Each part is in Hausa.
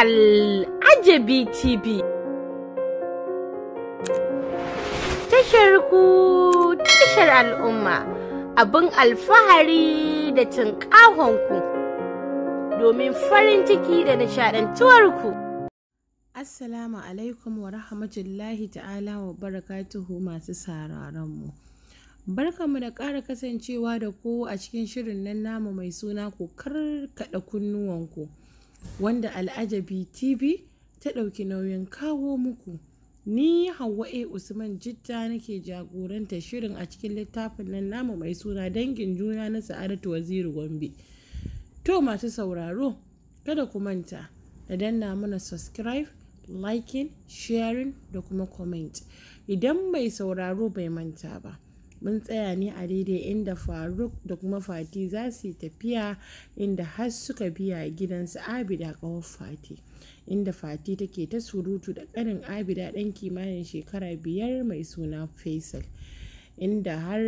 Al'ajabi TV. Tashar ku tashar al'umma abin alfahari da cin ku domin farin ciki da ku. Assalamu alaikum wa rahmatullahi ta'ala wa barakatuhu masu mu Barkanmu da ƙara kasancewa da ku a cikin shirin nan namu mai suna ku karkaɗa kunnuwanku. wanda Al'ajabi TV ta ɗauki nauyin kawo muku. Ni Hauwa A. Usman Jitta nake jagoranta shirin a cikin littafin nan namu mai suna dangin juna na Sa'adatu Waziri Gombe. To masu sauraro, kada ku manta da danna mana subscribe, liking, sharing da kuma comment. Idan mai sauraro bai manta ba. mun tsaya ne a daidai inda faruk da kuma fati za su yi tafiya inda har suka biya gidan su abida kawar fati inda fati take ta surutu da ƙanin abida ɗan kimanin shekara biyar mai suna faisal inda har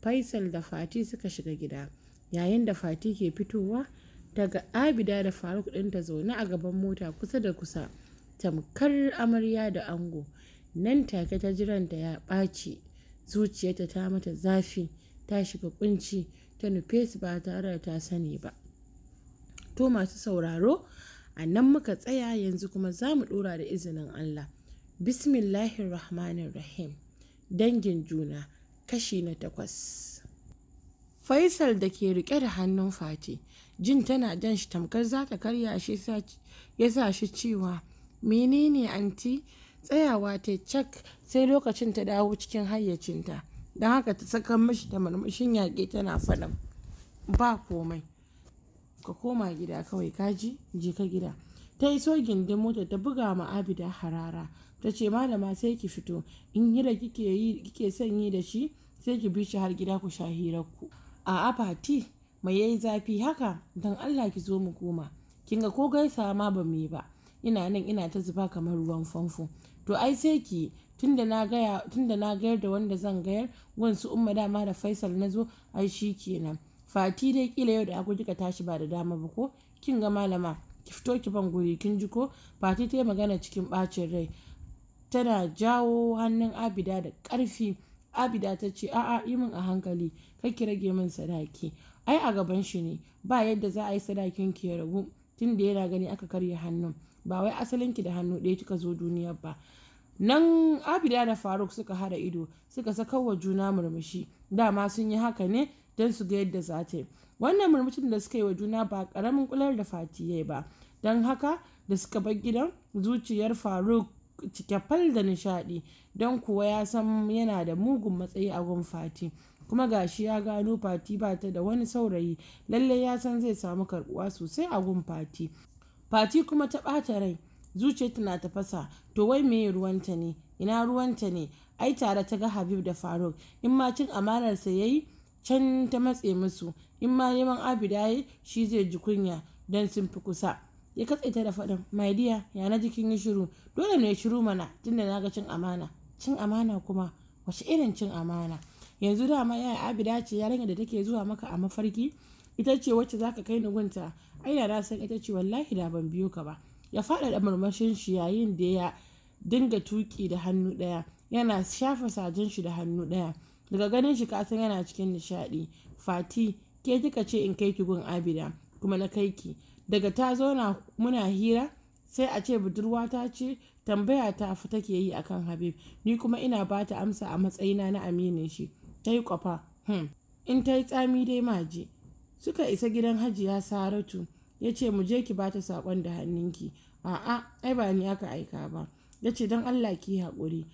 faisal da fati suka shiga gida yayin da fati ke fitowa daga abida da faruk ɗinta zaune a gaban mota kusa da kusa tamkar amarya da ango nan take ta jiranta ya ɓaci zuciyarta ta mata zafi ta shiga kunci ta nufe su ba tare da ta sani ba to masu sauraro a nan muka tsaya yanzu kuma za mu ɗora da izinin Allah bismillahir rahmanir rahim dangin juna kashi na takwas faisal da ke rike da hannun fati jin tana jan shi tamkar za ta karya shi ya sa shi cewa menene anti tsayawa ta cak sai lokacin ta dawo cikin hayyacinta don haka ta saka mashi da marmashin yaƙi tana faɗin ba komai ka koma gida kawai kaji je ka gida ta iso gindin mota ta buga ma abida harara ta ce malama sai ki fito in hira kike yi kike son yi da shi sai ki bi shi har gida ku sha hirar ku a apati mai yayi zafi haka don allah ki zo mu koma Kinga ko gaisa ma ba mu yi ba ina nan ina ta zuba kamar ruwan famfo to ai sai ki tunda na na gayar da wanda zan gayar wansu umma dama da faisal na zo ai shi kenan fati dai kila yau da aku kika tashi ba da dama ba ko kin ga malama ki fito ki ban guri kin ji ko fati ta yi magana cikin bacin rai tana jawo hannun abida da ƙarfi abida ta ce a'a yi min a hankali ki rage min sadaki ai a gaban shi ne ba yadda za a yi sadakin ki ya ragu tun da yana gani aka karya hannun ba wai asalinki da hannu ɗaya kika zo duniyar ba nan abida da faruk suka hada ido suka saka wa juna murmushi dama sun yi haka ne don su ga yadda za ta yi wannan murmushin da suka yi wa juna ba karamin kular da fati ba don haka da suka bar gidan zuciyar faruk cike fal da nishadi don kuwa ya san yana da mugun matsayi a gun fati kuma gashi ya gano fati ba ta da wani saurayi lallai ya san zai samu karbuwa sosai a gun fati Fati kuma ta ɓata rai, zuciya tana ta fasa to wai meye ruwanta ne, ina ruwanta ne, ai tare ta ga Habib da Faruk, in ma cin amanar ya yi can ta matse musu, in ma neman Abida ya shi zai ji kunya don sun fi kusa. Ya katse ta da faɗin, my dear, ya na jikin yi shiru, dole ne ya shiru mana tunda na ga cin amana. Cin amana kuma, wace irin cin amana? Yanzu dama yaya Abida ce yarinya da take zuwa maka a mafarki, ita ce wacce zaka kai ni gunta ai da san ita ce wallahi da ban biyo ka ba ya faɗaɗa murmushin shi yayin da ya dinga tuki da hannu ɗaya yana shafa sajin shi da hannu ɗaya daga ganin shi kasan yana cikin nishadi. fati ke kika ce in kai ki gun abida kuma na kai ki daga ta zauna muna hira sai a ce budurwa ta ce tambaya ta fi take yi akan habib ni kuma ina ba ta amsa a matsayina na aminin shi ta yi kwafa hmm. in ta yi tsami dai maji suka isa gidan hajiya saratu ya ce mu je ki bata sakon da hannunki a'a ai ba ni aka aika ba ya ce don allah ki haƙuri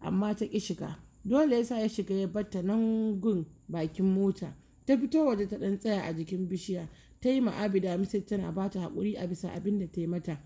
amma ta ki shiga dole yasa ya shiga ya batta nan gun bakin mota ta fito waje ta ɗan tsaya a jikin bishiya ta yi ma'abida misir tana ba ta haƙuri a bisa abin da ta yi mata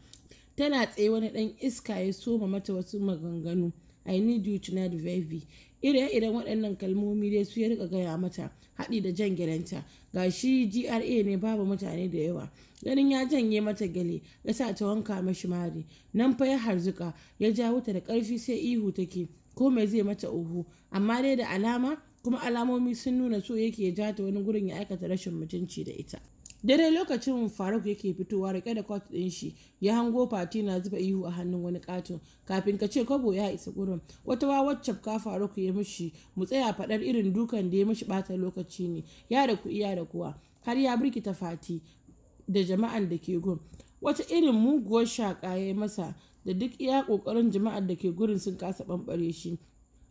tana tsaye wani ɗan iska ya soma mata wasu maganganu i need you to not baby ire-iren waɗannan kalmomi dai su ya rika gaya mata haɗi da jan gyalenta ga shi gra ne babu mutane da yawa ganin ya janye mata gale ya sa ta wanka mashi mari nan fa ya harzuka ya ja wuta da ƙarfi sai ihu take ko mai zai mata uhu amma dai da alama kuma alamomi sun nuna so yake ya ja ta wani gurin ya aikata rashin mutunci da ita daidai lokacin faruk yake fitowa rike da kwat din shi ya hango fati na zuba ihu a hannun wani katon kafin ka ce kwabo ya isa gurin wata wa wacce ka faruk ya mishi mu tsaya fadar irin dukan da ya mishi bata lokaci ne ya da ku iya da kuwa har ya birkita fati da jama'an da ke gun wata irin muguwar shaka ya yi masa da duk iya kokarin jama'ar da ke gurin sun kasa ɓamɓare shi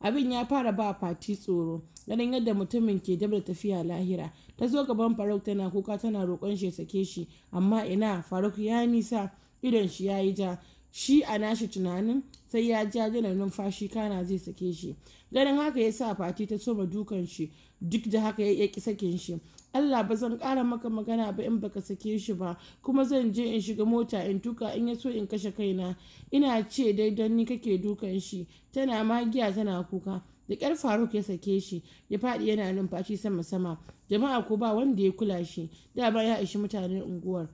abin ya fara ba fati tsoro ganin yadda mutumin ke dabda tafiya lahira ta zo gaban faruk tana kuka tana roƙon shi sake shi amma ina faruk ya nisa idon shi ya yi ja shi a nashi tunanin sai ya ja janar numfashi kana zai sake shi ganin haka ya sa fati ta soma dukan shi duk da haka ya iya sakin shi Allah ba zan ƙara maka magana ba in baka sake shi ba kuma zan je in shiga mota in tuka in ya so in kashe kaina ina ce dai don ni kake dukan shi tana magiya tana kuka da ƙyar faruk ya sake shi ya faɗi yana numfashi sama sama jama'a ko ba wanda ya kula shi da ba ya ishi mutanen unguwar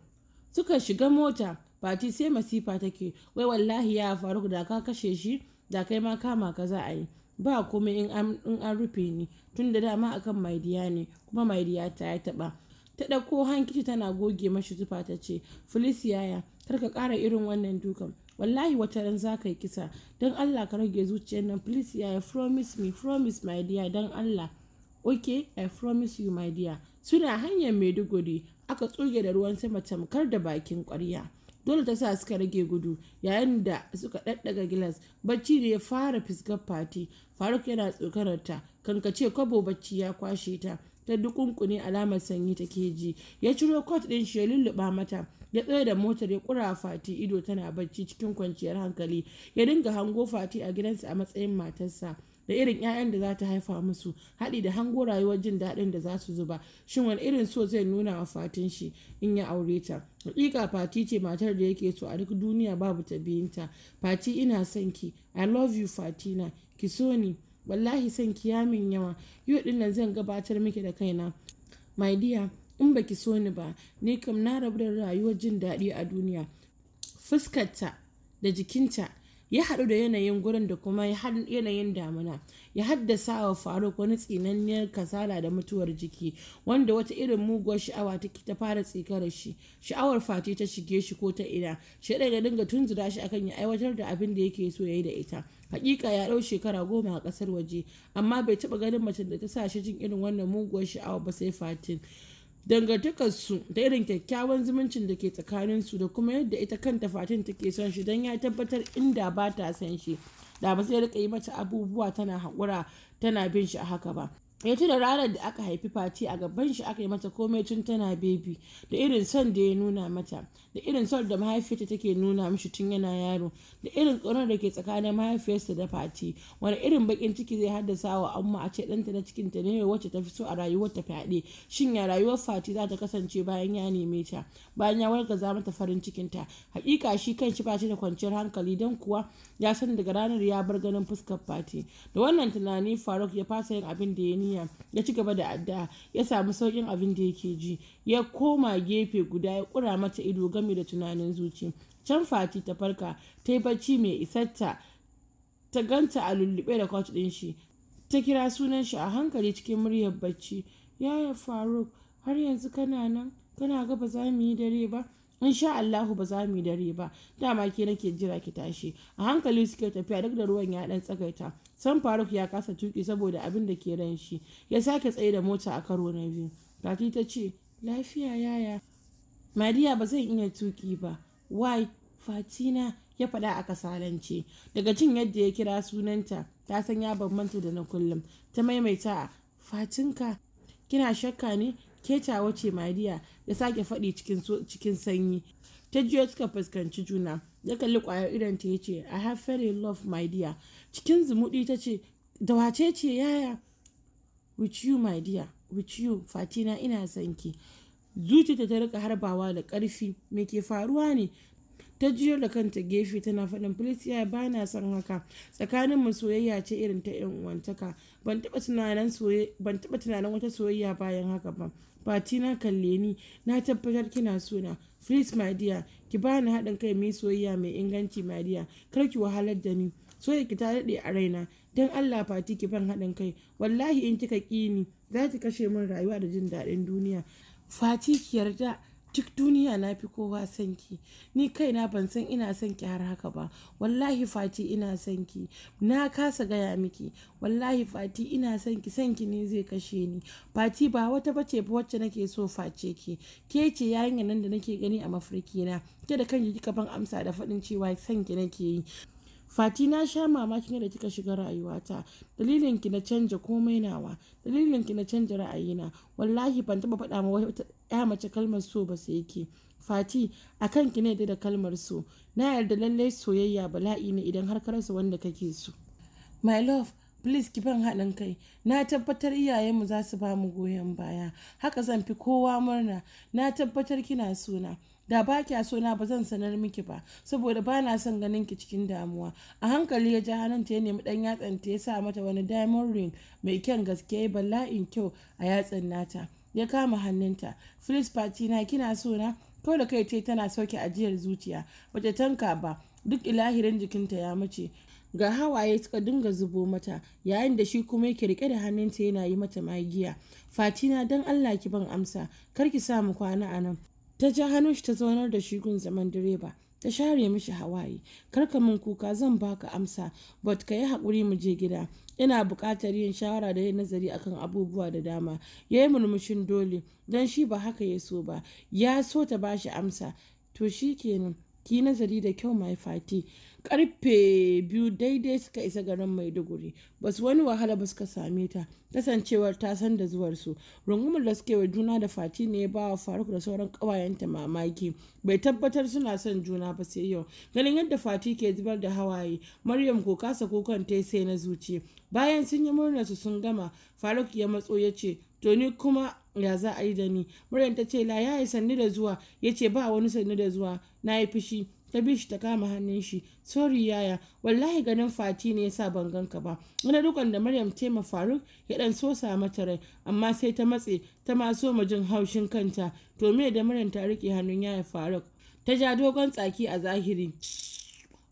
suka shiga mota fati sai masifa take wai wallahi ya faru da ka kashe shi da kai ma kama ka za a yi ba kuma in an rufe ni tun da dama akan maidiya ne kuma maidiya ta ya taba ta ɗauko hankici tana goge mashi zufa ta ce felicia kar ka ƙara irin wannan dukan wallahi wata ran za ka yi kisa don allah ka rage zuciyar nan feliciyaya promise me promise my dear don allah ok i promise you my dear suna hanyar maiduguri aka tsoge da ruwan sama tamkar da bakin ƙwarya dole ta sa suka rage gudu yayin da suka ɗaɗɗaga gilas bacci ne ya fara fiskar fati faruk yana tsokanar ta kankace kwabo bacci ya kwashe ta ta dukunkune alamar sanyi take ji ya ciro kot din shi ya lulluɓa mata ya tsaye da motar ya kura fati ido tana bacci cikin kwanciyar hankali ya dinga hango fati a gidansa a matsayin matarsa da irin 'ya'yan da za ta haifa musu haɗi da hango rayuwar jin daɗin da za su zuba shin wani irin so zai nuna wa fatin shi in ya aure ta hakika fati ce matar da yake so a duk duniya babu ta biyinta fati ina son ki i love you fatina ki so ni wallahi son ki ya min yawa yau dinnan zan gabatar miki da kaina my dear in ba ki so ni ba ni kam na rabu da rayuwar jin daɗi a duniya fuskarta da jikinta ya haɗu da yanayin gurin da kuma yanayin damuna. ya haddasa wa faruk wani tsinanniyar kasala da mutuwar jiki wanda wata irin muguwar sha'awa ta fara tsikar shi sha'awar fati ta shige shi ko ta ina shi ya dinga tunzura shi akan ya aiwatar da abin da yake so ya yi da ita hakika ya ɗau shekara goma a ƙasar waje amma bai taɓa ganin macen da ta sa shi jin irin wannan muguwar sha'awa ba sai fatin dangantakarsu da irin kyakkyawan zumuncin da ke tsakaninsu da kuma yadda ita kanta fatin take son shi don ya tabbatar inda ba ta son shi da ba sai rika yi mata abubuwa tana haƙura tana bin shi a haka ba ya tuna ranar da aka haifi fati a gaban shi aka yi mata komai tun tana bebi da irin son da ya nuna mata da irin son da mahaifiyarta take nuna mishi tun yana yaro da irin tsoron da ke tsakanin mahaifiyarsa da fati wani irin bakin ciki zai haddasa wa amma a ce ɗanta na cikinta ne wacce ta fi so a rayuwar ta fyaɗe shin ya rayuwar fati za ta kasance bayan ya neme ta bayan ya za mata farin cikinta haƙiƙa shi kan shi shi da kwanciyar hankali don kuwa ya san daga ranar ya bar ganin fuskar fati da wannan tunani faruk ya fasa yin abin da ya niyya ya ci gaba da addu'a ya samu sauƙin abin da yake ji ya koma gefe guda ya ƙura mata ido gami da tunanin zuci can fati ta farka ta yi bacci mai isarta ta ganta a lullube da kwat ɗin shi ta kira sunan shi a hankali cikin muryar bacci yaya faruk har yanzu kana nan kana ga ba za mu yi dare ba in sha Allahu ba za mu yi dare ba dama ke nake jira ki tashi a hankali suke tafiya duk da ruwan ya dan tsagaita san Faruk ya kasa tuki saboda abin da ke ran shi ya sake tsaye da mota a karo na biyu Fati ta ce lafiya yaya maria ba zai iya tuki ba. Why? Fatina ya faɗa a kasalance. Daga cin yadda ya kira sunanta, ta san ya bambanta da na kullum. Ta maimaita Fatinka, kina shakka ne? Keta wace maria ya sake faɗi cikin sanyi. Ta jiyo suka fuskanci juna. Ya kalli ƙwayar idon ta ce, I have very love my dear. Cikin zumuɗi ta ce, da wace ce yaya? With you my dear, with you Fatina ina sanki zuciyarta ta rika harbawa da ƙarfi me ke faruwa ne ta jiyar da kanta gefe tana faɗin felicia ba na son haka tsakanin mu soyayya ce irin ta yan uwantaka ban taɓa tunanin wata soyayya bayan haka ba fati na kalle ni na tabbatar kina suna please my dear ki bani haɗin kai mai soyayya mai inganci my dear kar ki wahalar da ni soyayya ki ta daɗe a raina don allah fati ki ban haɗin kai wallahi in kika ƙi ni za ki kashe min rayuwa da jin daɗin duniya fati ki yarda duk duniya na fi kowa sanki ki ni kaina ban san ina son har haka ba wallahi fati ina sanki na kasa gaya miki wallahi fati ina sanki sanki ne zai kashe ni fati ba wata bace ba wacce nake so face ki ke ce yayin nan da nake gani a mafarki na ke da kanki kika ban amsa da fadin cewa sanki ki nake yi Fati na sha mamakin da kika shiga rayuwata. Dalilin ki na canja komai nawa. Dalilin ki na canja ra'ayina. Wallahi ban taɓa faɗa ma wata ya mace kalmar so ba sai ke. Fati, a kan ki ne da kalmar so. Na yarda lallai soyayya bala'i ne idan har ka rasa wanda kake so. My love, please ki ban haɗin kai na tabbatar iyayenmu za su ba mu goyon baya haka zan fi kowa murna na tabbatar kina suna da ba kya so na ba zan sanar miki ba saboda ba na son ganin ki cikin damuwa a hankali ya ja hannunta ya nemi dan yatsan ta ya sa mata wani diamond ring mai kyan gaske bala'in kyau a yatsan nata ya kama hannunta fris na kina so na kawai da kai ce tana sauke ajiyar zuciya bata tanka ba duk ilahirin jikinta ya mace ga hawaye suka dinga zubo mata yayin da shi kuma yake rike da hannunta yana yi mata magiya fatina don allah ki ban amsa kar ki sa mu kwana a nan ta ja hannun shi ta zaunar da shi gun zaman direba ta share mishi hawaye karka min kuka zan baka amsa but ka yi haƙuri mu je gida ina buƙatar yin shawara da yin nazari akan abubuwa da dama ya yi murmushin dole don shi ba haka ya so ba ya so ta bashi amsa to shi kenan ki nazari da kyau mai fati karfe biyu daidai suka isa garin maiduguri ba wani wahala ba suka same ta kasancewar ta san da zuwarsu rungumar da suke wa juna da fati ne ba wa faruk da sauran kawayenta mamaki bai tabbatar suna son juna ba sai yau ganin yadda fati ke zubar da hawaye maryam ko kasa kukan ta sai na zuci bayan sun yi murnar su sun gama faruk ya matso ya ce to ni kuma ya za a yi da ni maryam ta ce la ya yi sanni da zuwa ya ce ba wani sanni da zuwa na yi fushi ta bi shi ta kama hannun shi sorry yaya wallahi ganin fati ne yasa ban ganka ba wani dukan da maryam tema faruk ya dan sosa mata rai amma sai ta matse ta ma so ma jin haushin kanta to me da maryam ta rike hannun yaya faruk ta ja dogon tsaki a zahiri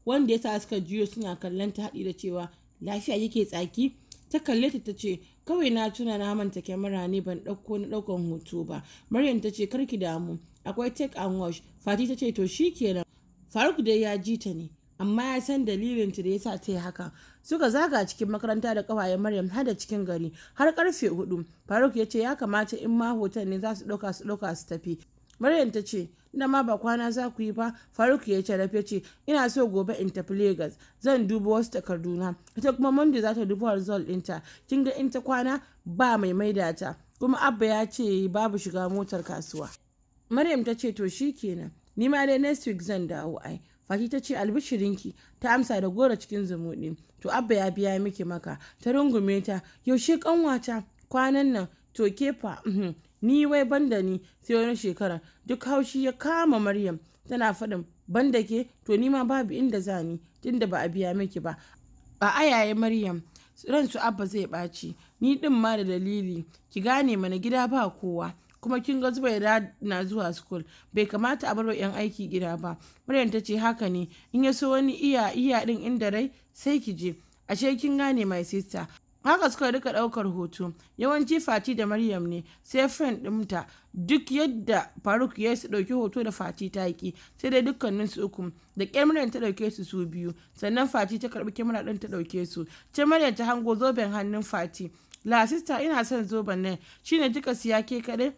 wanda yasa suka juyo suna kallon ta haɗi da cewa lafiya yake tsaki ta kalle ta ta ce kawai na tuna na manta kyamara ne ban ɗauko na ɗaukan hoto ba maryam ta ce karki damu akwai take and wash fati ta ce to shikenan faruk dai ya ji ta ne amma ya san dalilin ta da yasa ta yi haka suka zaga cikin makaranta da kawaye maryam har da cikin gari har karfe hudu faruk ya ce ya kamata in ma hoton ne za su ɗauka su ɗauka su tafi maryam ta ce ina ma ba kwana za ku yi ba faruk ya ce rafe ce ina so gobe in tafi Legas. zan duba wasu takardu na ita kuma monday za ta duba result ɗinta kin ga in ta kwana ba mai maida ta kuma abba ya ce babu shiga motar kasuwa maryam ta ce to shi kenan ni ma dai next week zan dawo ai faki ta ce albishirinki ta amsa da goro cikin zumuɗi to abba ya biya miki maka ta rungume ta yaushe kanwata kwanan nan to kefa uhm, ni wai banda ni sai wani shekara duk haushi ya kama maryam tana faɗin banda ke to ni ma babu inda za ni tunda ba a biya miki ba a ayaye maryam ransu abba zai ɓaci ni ɗin ma da dalili ki gane mana gida ba kowa kuma kin ga zuba yara na zuwa school bai kamata a wa yan aiki gida ba maryam ta ce haka ne in ya so wani iya iya din inda rai sai ki je ashe kin gane my sister haka suka rika daukar hoto yawanci fati da maryam ne sai friend dinta duk yadda faruk ya su dauki hoto da fati ta yi sai dai dukkanin su uku da kyamara ta dauke su su biyu sannan fati ta karbi kyamara din ta dauke su ce maryam ta hango zoben hannun fati la sista ina son zoben nan shine kika siya ke kaɗai?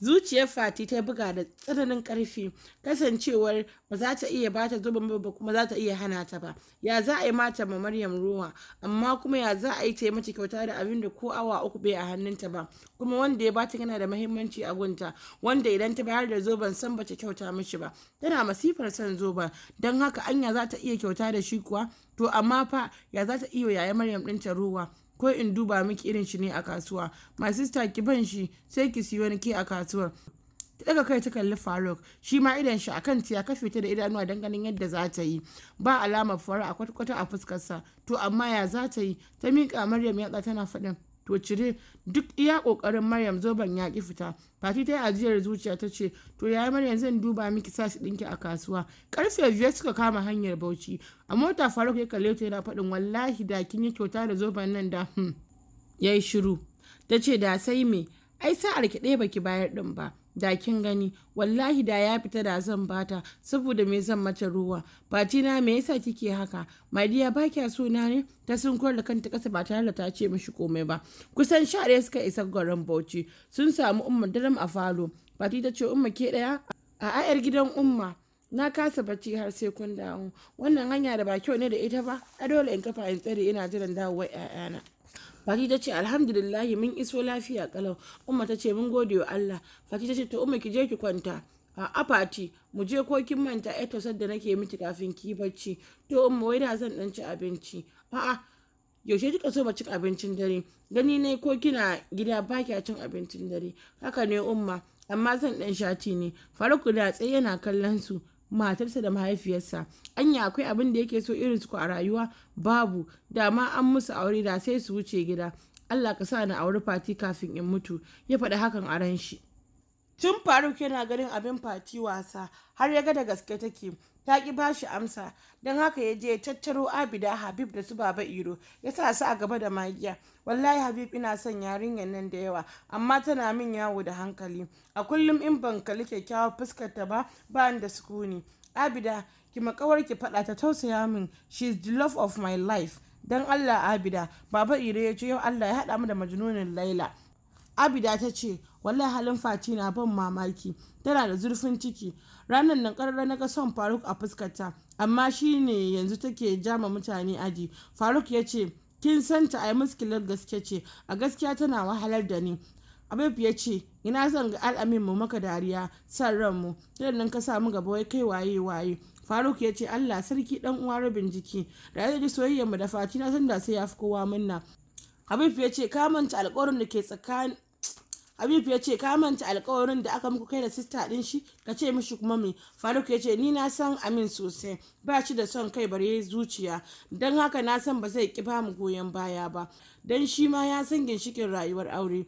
zuciyar fati ta buga da tsananin ƙarfi kasancewar ba za ta iya ba ta zuba ba kuma za ta iya hana ta ba ya za a yi mata ma maryam ruwa amma kuma ya za a yi ta mata kyauta da abin da ko awa uku bai a hannunta ba kuma wanda ya bata yana da mahimmanci a gunta wanda idan ta bayar da zoben san bata kyauta mishi ba tana masifar son zoben don haka anya za ta iya kyauta da shi kuwa to amma fa ya za ta iya yaya maryam ɗinta ruwa ko in duba miki irin shi ne a kasuwa my sister ki ban shi sai ki siyo ni ke a kasuwar daga kai ta kalli faruk shi ma idan shi akan tiya ka fita da idanuwa don ganin yadda za ta yi ba alamar fara a kwata-kwata a fuskarsa to amma ya za ta yi ta miƙa maryam yatsa tana faɗin to cire duk iya kokarin maryam zoben ya ki fita fati ta yi ajiyar zuciya ta ce to yaya maryam zan duba miki sashi ɗinki a kasuwa karfe biyar suka kama hanyar bauchi a mota faruk ya kalle ta yana faɗin wallahi da kin yi kyauta da zoben nan da hmm, ya yi shiru ta ce da sai me ai sa'ar ki ɗaya baki bayar ɗin ba da kin gani wallahi da ya fita da zan bata saboda me zan mace ruwa na me yasa kike haka madiya ba kya so na ne ta sunkuwar da kanta kasa ba tare da ta ce mishi komai ba kusan sha ɗaya suka isa garin bauchi sun samu umma daram a falo fati ta ce umma ke ɗaya a ayar gidan umma na kasa bacci har sai kun dawo wannan hanya da ba kyau ne da ita ba a dole in kafa in tsare ina jiran dawowar 'ya'yana. fati ta ce alhamdulillahi mun iso lafiya kalau umma ta ce mun gode wa allah fati ta ce to umma ki je ki kwanta a fati mu je ko kin manta ai to da nake miki kafin ki bacci to umma wai da zan dan ci abinci a'a yaushe kika so cin abincin dare gani ne ko kina gida ba kya cin abincin dare haka ne umma amma zan dan shati ne faruk da tsaye yana kallon su matarsa da mahaifiyarsa anya akwai abin da yake so irin su a rayuwa babu dama an musu aure da sai su wuce gida Allah ka sa ni auri fati kafin in mutu ya faɗi hakan a ran shi tun faruk yana ganin abin fati wasa har ya ga da gaske take ta ki ba shi amsa don haka ya je ya tattaro abida habib da su baba iro ya sa su a gaba da magiya wallahi habib ina son yarinyar nan da yawa amma tana min yawo da hankali a kullum in ban kalli kyakkyawar fuskar ta ba ba da sukuni abida ki makawar ki faɗa ta tausaya min she is the love of my life dan allah abida baba iro ya ce yau allah ya haɗa mu da majnunin laila abida ta ce wallahi halin fati na ban mamaki tana da zurfin ciki ranar nan karara na ga son faruk a fuskarta amma shi ne yanzu take jama mutane aji faruk ya ce kin santa a yi muskilar gaske ce a gaskiya tana wahalar da ni abib ya ce ina zan ga al'amin mu maka dariya san ranmu nan ka samu gaba wai kai waye waye faruk ya ce allah sarki dan uwa rabin jiki da ya ji soyayyar mu da fati na san da sai ya fi kowa minna. habib ya ce ka manta alkawarin da ke tsakanin Habibu ya ce ka manta alkawarin da aka muku kai da sista din shi ka ce mishi kuma me Faruk ya ce ni na san Amin sosai ba shi da son kai bare zuciya don haka na san ba zai ki ba mu goyon baya ba don shi ma ya san ginshikin rayuwar aure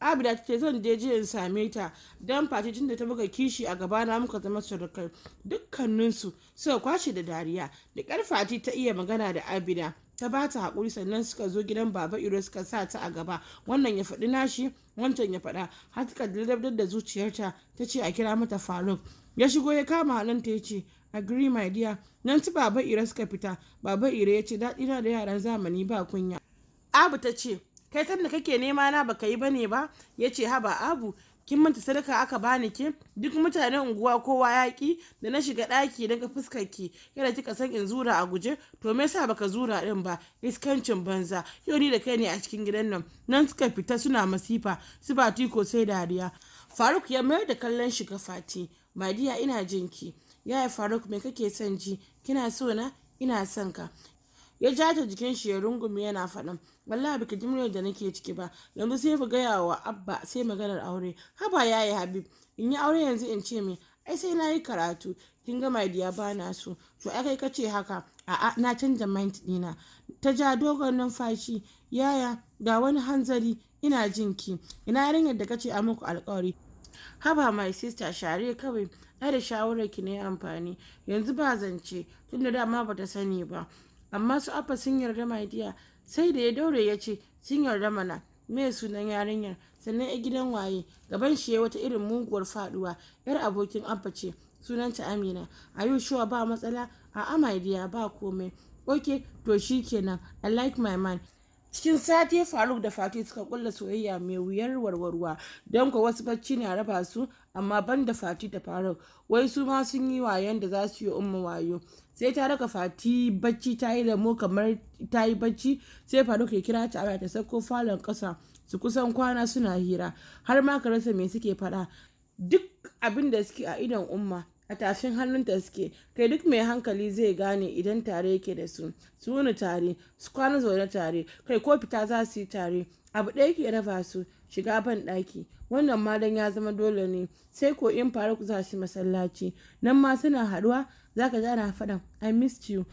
abida ce zan je in same ta don tun da ta buga kishi a gabana muka zama surukai dukkaninsu suka kwashe da dariya da karfati ta iya magana da abida ta ba ta haƙuri sannan suka zo gidan baba iro suka sa ta a gaba wannan ya faɗi nashi wancan ya faɗa har ta kaddadar da zuciyarta ta ce a kira mata faruk ya shigo ya kama ta ya ce agree my dear nan ci baba iro suka fita baba iro ya ce daɗi na da yaran zamani ba kunya abu ta ce kai sanda kake nema na baka yi bane ba ya ce haba abu kin manta sadaka aka bani ke? duk mutanen unguwa kowa yaki da na shiga ɗaki daga fuskar ki yana kika san in zura a guje to me yasa baka zura din ba iskancin banza yau ni da kai ne a cikin gidan nan nan suka fita suna masifa su ba tiko sai dariya faruk ya mayar da kallon shiga ga fati madiya ina jinki yaya faruk me kake son ji kina so na ina son ka ya ja ta jikin shi ya rungume yana faɗin wallahi baki jimre da nake ciki ba yanzu sai mu gaya wa abba sai maganar aure haba yayi habib in yi aure yanzu in ce me ai sai na yi karatu kin ga my dear ba na so to ai kai kace haka a'a na canja mind dina ta ja dogon numfashi yaya ga wani hanzari ina jin ki ina yarinyar da kace a muku alƙawari. haba my sister share kawai ai da shawarar ki ne amfani yanzu ba zance tunda dama bata sani ba amma su abba sun yarda my dear sai da ya daure ya ce sun yarda mana me sunan yarinyar sannan a gidan waye gaban shi ya wata irin muguwar faduwa yar abokin abba ce sunanta amina a yushuwa ba matsala a amaidiya ba komai ok to shi kenan i like my mind. cikin sati faruk da fati suka kulla soyayya mai wuyar warwarwa don kuwa wasu bacci na raba su amma ban da fati da faruk wai su ma sun yi wayan da za su yi umma wayo sai ta raka fati bacci ta yi lamo kamar ta yi bacci sai faruk ya kira ta ta sako falon kasa su kusan kwana suna hira har ma ka rasa me suke faɗa duk abin da suke a idon umma a tafin ta suke kai duk mai hankali zai gane idan tare yake da su su wuni tare su kwana zaune tare kai ko fita za su yi tare abu ɗaya ke raba su shiga ban ɗaki wannan ma dan ya zama dole ne sai ko in faruk za shi masallaci nan ma suna haɗuwa zaka ji ana faɗan i miss you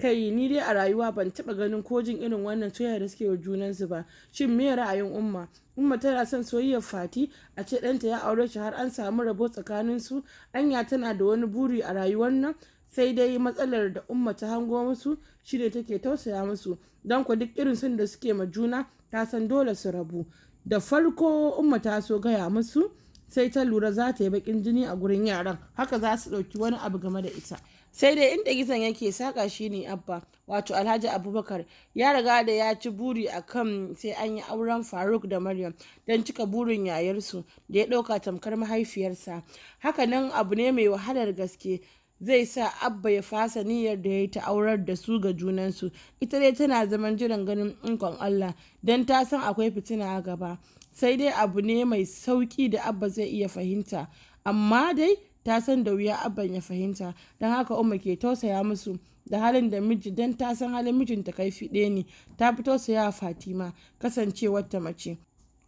kai ni dai a rayuwa ban taɓa ganin ko jin irin wannan soyayya da suke wa junansu ba shin me ra'ayin umma umma tana son soyayyar fati a ce ɗanta ya aure shi har an samu rabo tsakaninsu anya tana da wani buri a rayuwar nan sai dai matsalar da umma ta hango musu shine take tausaya musu don ku duk irin sun da suke ma juna ta san dole su rabu da farko umma ta so gaya musu sai ta lura za ta yi bakin jini a gurin yaran haka za su ɗauki wani abu game da ita sai dai inda gizon yake saka shi ne abba wato alhaji abubakar ya riga da ya ci buri a kan sai an yi auren faruk da maryam don cika burin yayarsu da ya ɗauka tamkar mahaifiyarsa haka nan abu ne mai wahalar gaske zai sa abba ya fasa niyyar da ya yi ta aurar da su ga junansu ita dai tana zaman jiran ganin inkon allah don ta san akwai fitina a gaba sai dai abu ne mai sauki da abba zai iya fahimta amma dai ta san da wuya abban ya fahimta don haka umma ke tausaya musu da halin da miji don ta san halin mijinta kai fiɗe ne ta fi tausaya fatima kasancewar ta mace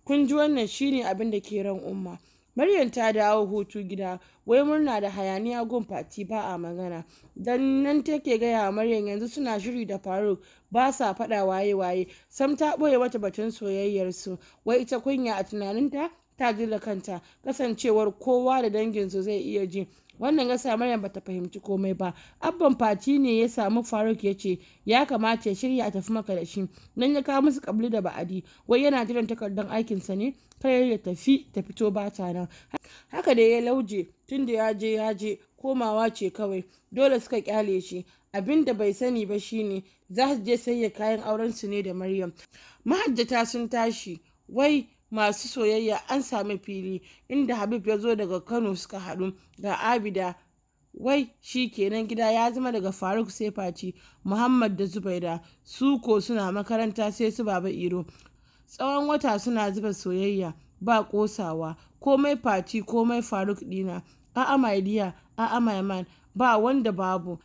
kun ji wannan shine abin da ke ran umma Maryam ta dawo hutu gida, wai murna da hayaniya gun fati ba a magana. Dan nan take gaya wa Maryam yanzu suna shiri da Faruk ba sa faɗa waye-waye. Sam ta ɓoye wata batun soyayyarsu, wai ita kunya a tunaninta ta jira kanta, kasancewar kowa da danginsu zai iya ji. wannan ya maryam bata fahimci komai ba abban Fati ne ya samu faruk ya ce ya kamata ya shirya a tafi maka da shi nan ya kawo musu kabli da ba'adi wai yana jiran takardar aikinsa ne kar ya tafi ta fito ba ta nan haka da ya lauje tunda ya je ya je komawa ce kawai dole suka kyale shi abin da bai sani ba shine za su je sayya kayan auren su ne da maryam mahajjata sun tashi wai masu soyayya an sami fili inda habib ya zo daga kano suka haɗu ga abida wai shi kenan gida ya zama daga faruk sai faci muhammad da zubaida su ko suna makaranta sai su baba iro tsawon wata suna zuba soyayya ba kosawa komai faci komai faruk dina a'a my a'a maiman ba wanda babu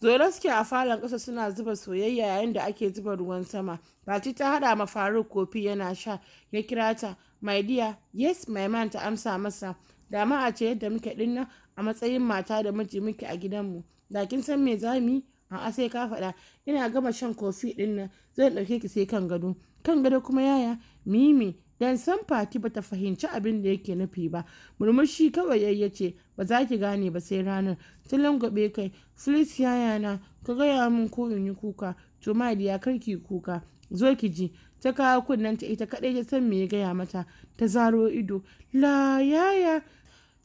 Zoila a falon ƙasa suna zuba soyayya yayin da ake zuba ruwan sama. bati ta haɗa ma Faruk kofi yana sha, ya kira ta, my dear, yes, my man ta amsa masa. Da a ce yadda muke ɗinna a matsayin mata da miji muke a gidanmu. Da kin san me za mu yi? A'a sai ka faɗa, ina gama shan kofi ɗin zan ɗauke ki sai kan gado. Kan gado kuma yaya, mimi, dan san fati bata fahimci abin da yake nufi ba murmushi kawai ya ce ba za ki gane ba sai ranar ta langwabe kai filis na ka gaya min ko in yi kuka to ya kar ki kuka zo ki ji ta kawo kunnen ta ita kadai ta san me ya gaya mata ta zaro ido la yaya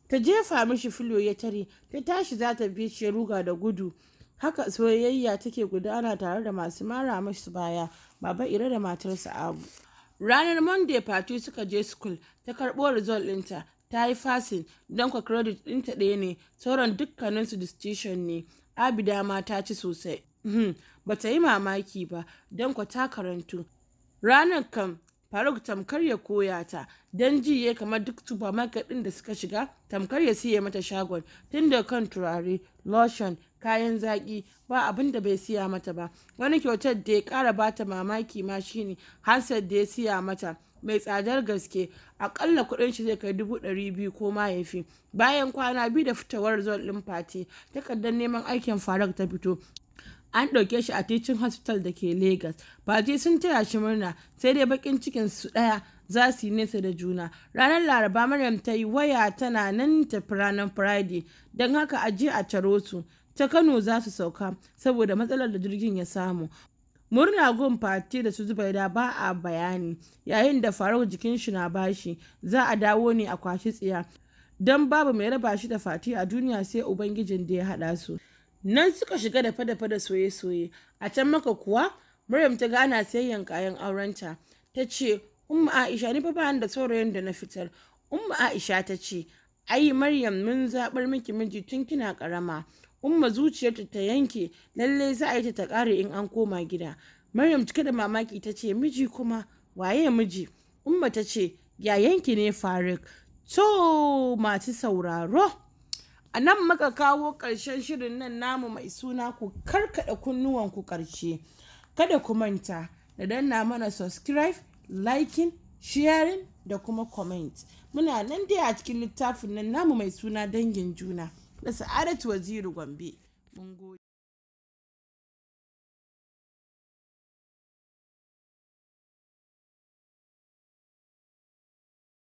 ta jefa mishi filo ya tare ta tashi za ta bi shi ruga da gudu haka soyayya take gudana tare da masu mara mashi baya baba ire da matarsa abu ranar monday fatu suka je school ta karɓo result ɗinta ta yi fasin don kwa credit ɗinta ɗaya ne sauran dukkaninsu distinction ne abida ma ta ci sosai hmm, ba ta yi mamaki ba don kwa ta karantu ranar kam faruk tamkar ya koya ta don ji kamar duk supermarket ɗin da suka shiga tamkar ya siya mata shagon tun da kan turare lotion kayan zaƙi ba abin da bai siya mata ba wani kyautar da ya ƙara bata mamaki ma shine hansar da ya siya mata mai tsadar gaske akalla kuɗin shi zai kai dubu ɗari biyu ko ma ya fi bayan kwana biyu da fitowar zuwan ɗin fati takardar neman aikin farak ta fito an ɗauke shi a titin hospital da ke lagos fati sun taya shi murna sai dai baƙin cikin su ɗaya za su yi nesa da juna ranar laraba maryam ta yi waya tana nan tafi ranar friday don haka aje a taro su ta kano za su sauka saboda matsalar da jirgin ya samu murna gun fati da su da ba a bayani yayin da farau jikin shi na bashi za a dawo ne a kwashi tsiya don babu mai raba shi da fati a duniya sai ubangijin da ya haɗa su nan suka shiga da fada-fada soye-soye a can maka kuwa maryam ta gana sayen kayan aurenta ta ce umma aisha ni fa da saurayin da na fitar umma aisha ta ce ai maryam mun zaɓar miki miji tun kina ƙarama umma zuciyarta ta yanke lalle za a yi ta kare in an koma gida maryam cike da mamaki ta ce miji kuma waye miji umma ta ce ya yanke ne faruk to masu sauraro a nan muka kawo ƙarshen shirin nan namu mai suna ku karkaɗa kunnuwanku ƙarshe kada ku manta da danna mana subscribe liking sharing da kuma comment muna nan dai a cikin littafin nan namu mai suna dangin juna da sa'adatu waziru gombe mun B.